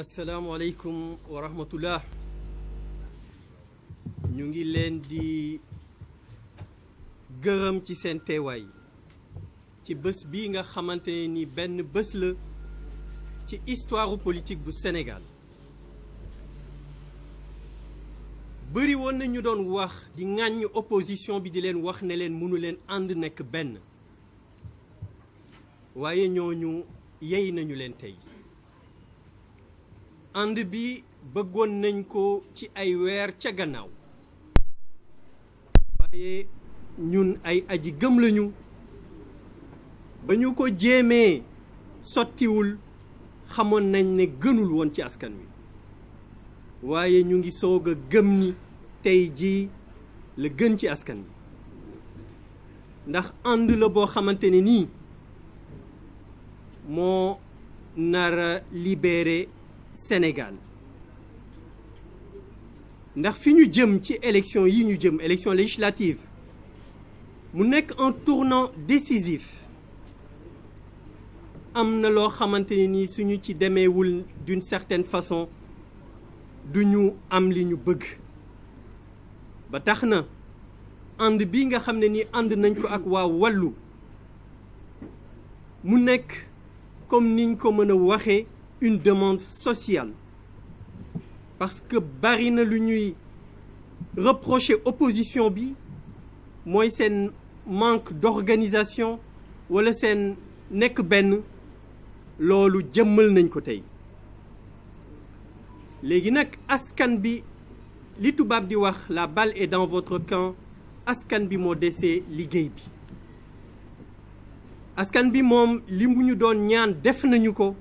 Assalamu alaikum wa rahmatullah ñu ngi leen di gërëm ci sen téway ci bëss bi nga xamante ni ben bëss la ci histoire politique du Sénégal bëri won na ñu doon wax di ngañ opposition bi di leen wax ne leen mënu leen and nek benn waaye ñoñu yey nañu leen tay. ànd bi bëggoon nañ ko ci ay weer ca gannaaw waaye ñun ay aji gëm lañu ba ñu ko jéemee sottiwul xamoon nañ ne gënul woon ci askan wi waaye ñu ngi soog a gëm ni tey jii la gën ci askan wi ndax ànd la boo xamante ne nii moo nara libéré Sénégal ndax fi ñu jëm ci élection yi ñu jëm élection législative mu nekk un tournant décisif am na loo xamante suñu ci demeewul d'une certaine façon du ñu am li ñu bëgg ba tax na ànd bi nga xam ne nii nañ ko ak waa wàllu mu nekk comme niñ ko mën a une demande sociale parce que barine Lunui reprochait reprocher opposition bi moins s'en manque d'organisation wala sen nek ben, loolu jëmmal nañ ko tay. Légui nak askan bi li tubab di wax la balle est dans votre camp askan bi mo déssé liggéey bi askan bi mom limbu ñu doon ñaan def nañu ko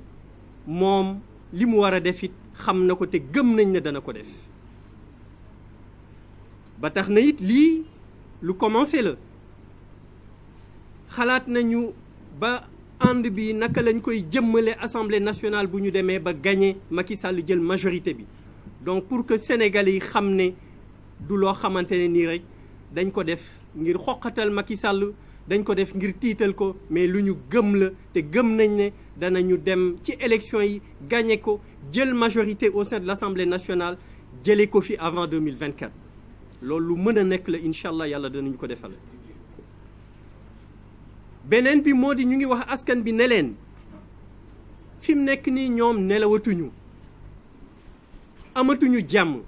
mom limu wara def it xam na ko te gem nañ ne dana ko def ba tax na it li lu commencer la xalaat nañu ba and bi naka lañ koy jëmmale assemblée nationale bu ñu demee ba gagné Macky Sall jël majorité bi donc pour que sénégalais yi xam ne du loo xamante ne nii dañ ko def ngir xoqatal Macky Sall dañ ko def ngir tiital ko mais lu ñu gëm la te gëm nañ ne danañu dem ci élection yi gagné ko jël majorité au sein de l'Assemblée nationale jëlee ko fi avant 2024 loolu lu mën a nekk la incha allah yàlla danañu ko defal beneen bi moo di ñu ngi wax askan bi ne leen fi mu nekk nii ñoom nelawatuñu amatuñu jàmm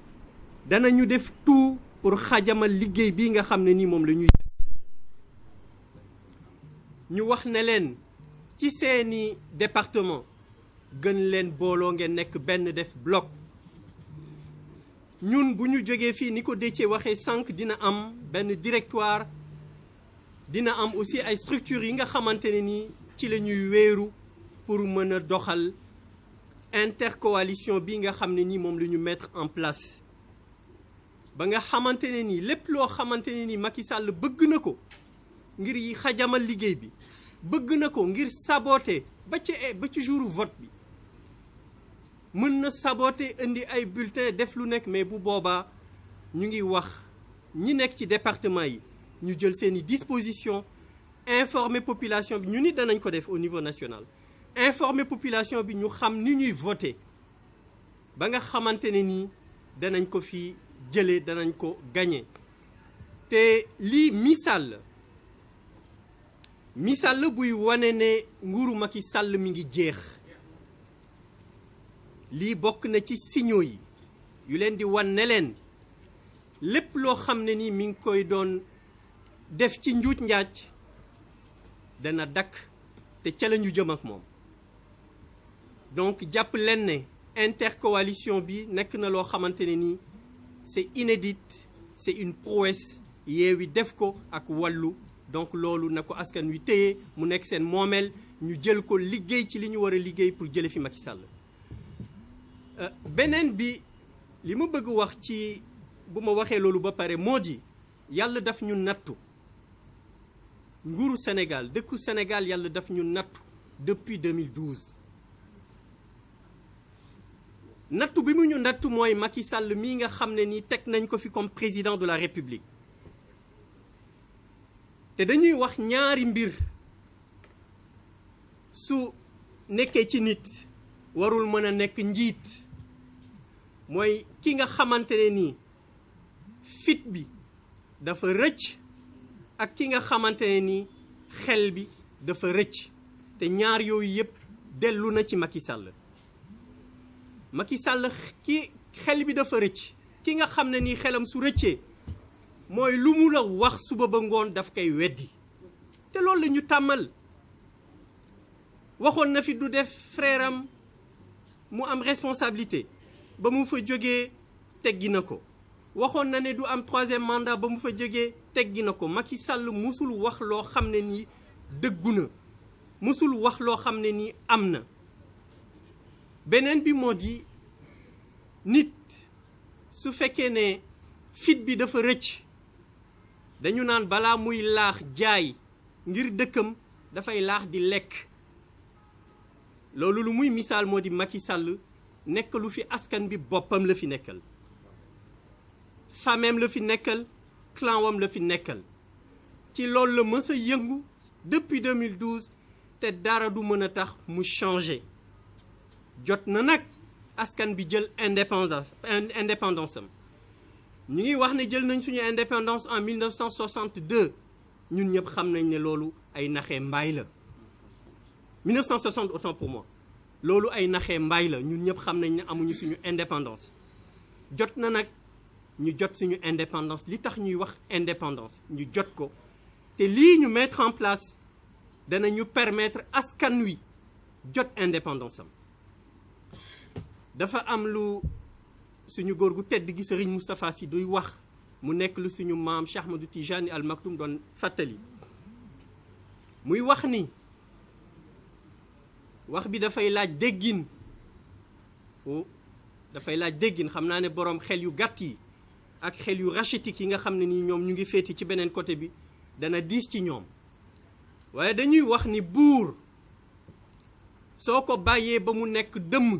danañu def tout pour xajama liggéey bii nga xam ne nii moom la ñuy ñu wax ne leen ci seeni département gën leen booloo ngeen nekk benn def bloc ñun bu ñu jógee fii ni ko Déthié waxee sànq dina am benn directoire dina am aussi ay structures yi nga xamante ne ci la wéeru pour mën a doxal intercoalition bi nga xam ne nii moom mettre en place ba nga xamante ne nii lépp loo xamante ne nii Macky Sall bëgg na ko ngir xajamal liggéey bi bëgg na ko ngir saboter ba ci eh, ba ci vote bi mën saboter indi ay bulletin def mais bu ñu ngi département disposition informer population bi ñu ni au niveau national informer population bi ñu xam ni ñuy voter ba nga ne danañ gagner te li misal misal la buy wane ne maki Macky Sall mi ngi jeex li bok na ci signaux yi yu len di wan len lepp lo xamne ni mi ngi koy def ci njut njaaj dana te challengeu la ñu ak donc japp intercoalition bi nek na lo ni c'est inédite c'est une prouesse Yéwi def ko ak walu donc lolu na nous askan mu nek sen momel ñu jël ko liggéey ci pour jël fi Macky Sall euh, bi bëgg wax ba daf ñu Sénégal nous Sénégal yalla daf ñu depuis 2012 bi mu ñu Macky Sall nga fi comme président de la République te dañuy wax ñaari mbir su nekkee ci nit warul mën a nekk njiit mooy ki nga xamante ne nii fit bi dafa rëcc ak ki nga xamante ne nii xel bi dafa rëcc te ñaar yooyu yëpp dellu na ci Macky Sall Macky Sall ki xel bi dafa rëcc ki nga xam ne nii xelam su rëccee mooy lu mu la wax suba ba ngoon daf koy weddi te loolu la ñu tàmmal waxoon na fi du def frère mu am responsabilité ba mu fa jógee teggi na ko waxoon na ne du am troisième mandat ba mu fa jógee teggi na ko Macky Sall musul wax loo xam ne nii dëggu na musul wax loo xam ne nii am na beneen bi moo di nit su fekkee ne fit bi dafa rëcc dañu naan qui muy laax jaay ngir dëkkam dafay laax di lekk loolu lu muy fi askan bi boppam la fi nekkal la fi nekkal clan wam la fi depuis 2012 te dara du tax mu changé jot na askan bi jël indépendance ñu ngi wax ne jël nañ suñu indépendance en 1962 ñun ñëpp xam nañ ne loolu ay naxee mbaay la 1960 autant pour moi loolu ay naxee mbaay la ñun ñëpp xam nañ ne amuñu suñu indépendance jot na nag ñu jot suñu indépendance li tax ñuy wax indépendance ñu jot ko te lii ñu mettre en place danañu permettre askan wi jot indépendance am dafa am lu suñu gor gu tedd gi Serigne mustapha si doy wax mu nek lu suñu mam Cheikh Ahmadou Tijani Al Maktoum don fatali muy wax ni wax bi da fay laaj déggin fay laaj déggin xamna ne borom xel yu gatti ak xel yu rachitique yi nga xamne ni ñom ñu ngi féeti ci benen côté bi dana dis ci ñom waye dañuy wax ni bour soko baye ba mu nek dëmm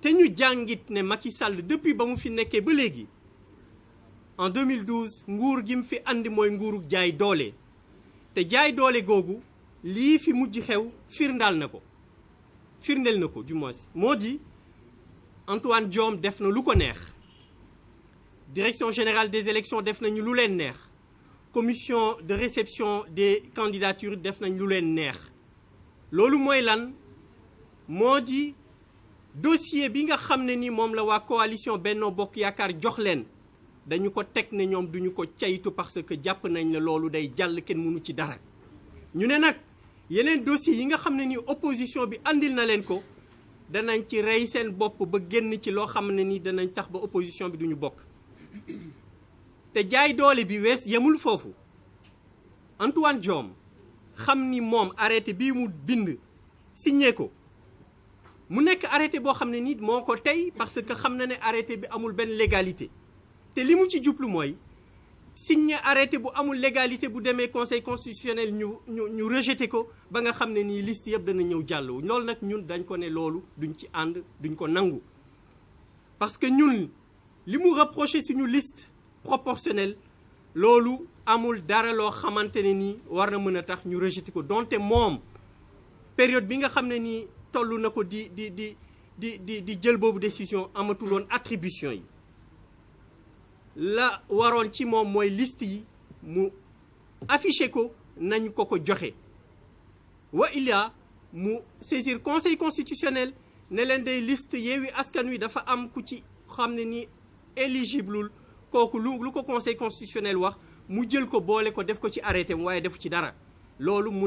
te ñu ne Macky Sall depuis ba mu fi nekkee ba en 2012 nguur gi mu fi andi mooy nguuru jaay te jaay doole googu lii fi mujj xew Firndal Nako. Nako, du moins Antoine Diom def na direction générale des élections def Loulenner. commission de réception des candidatures def Loulenner. lu moylan neex dossier bi nga xam ne ni moom la waa coalition Benno Bokk Yaakaar jox leen dañu ko teg ne ñoom duñu ko caytu parce que jàpp nañ ne loolu day jàll kenn mënu ci dara ñu ne nag yeneen dossier yi nga xam ne ni opposition bi andil na leen ko danañ ci rey seen bopp ba génn ci loo xam ne ni danañ tax ba opposition bi duñu bokk te jaay doole bi wees yemul foofu Antoine Diome xam ni moom arrêté bii mu bind signé ko mu nek arrêté bo xamné ne nit moo ko parce que xam né arrêté bi amul ben légalité té limu ci jublu moy signé arrêté bu amul légalité bu démé conseil constitutionnel ñu ñu ñu rejeté ko ba nga xamné ne liste yëpp dana ñëw jallu lool nak ñun dañ ko ne loolu duñ ci and duñ ko nangu parce que ñun limu mu si ñu liste proportionnelle loolu amul dara lo xamanténi ne nii war na mën tax ñu rejeté ko donte mom période bi nga xamné ne Tolu nako di di di di di di décision attribution la ci liste mu ko wa illa saisir conseil constitutionnel ne len une liste Askan dafa am conseil constitutionnel wax mu jël ko bolé ko def ko ci arrêté ci dara mu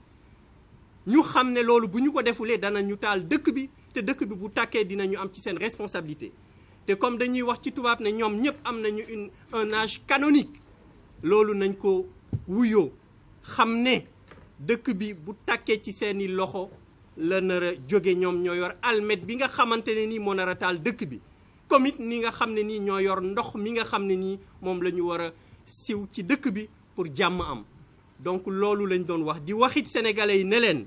ñu xam ne loolu bu ñu ko defulee dana ñu taal dëkk bi te dëkk bi bu tàkkee dinañu am ci seen responsabilité te comme dañuy wax ci tubaab ne ñoom ñëpp am nañu une un âge canonique loolu nañ ko wuyoo xam ne dëkk bi bu tàkkee ci seeni loxo la nar a jóge ñoom yor almet bi nga xamante ni nii moo taal dëkk bi comme it ni nga xam ni nii yor ndox mi nga xam ni mom lañu wara siw ci dëkk bi pour jamm am donc loolu lañ doon wax di waxit sénégalais yi ne leen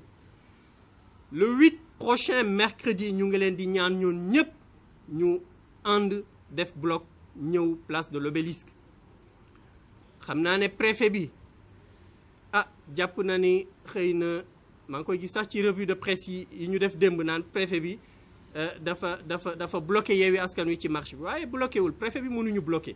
le 8 prochain mercredi ñu ngi leen di ñaan ñoon ñëpp ñu and def bloc ñëw place de l'obélisque xamna né préfet bi ah jàpp na ni xeyna ma maa ngi koy gis sax ci revue de presse yi ñu def demb naan préfet bi euh, dafa dafa dafa bloquer Yewwi Askan Wi ci marché waye waaye bloqué wul préfet bi ñu bloquer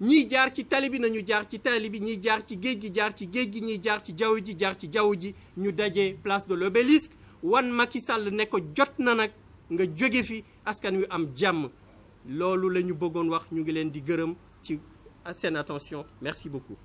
ni jaar ci talibi bi nañu jaar ci talibi bi jaar ci géej gi jaar ci géej gi jaar ci jaww ji jaar ci jaww ñu dajé place de l'obélisque wan Macky Sall ne ko jot na nag nga joggé fi askan wi am jam loolu lañu bëggoon wax ñu ngi leen di gërëm ci attention merci beaucoup.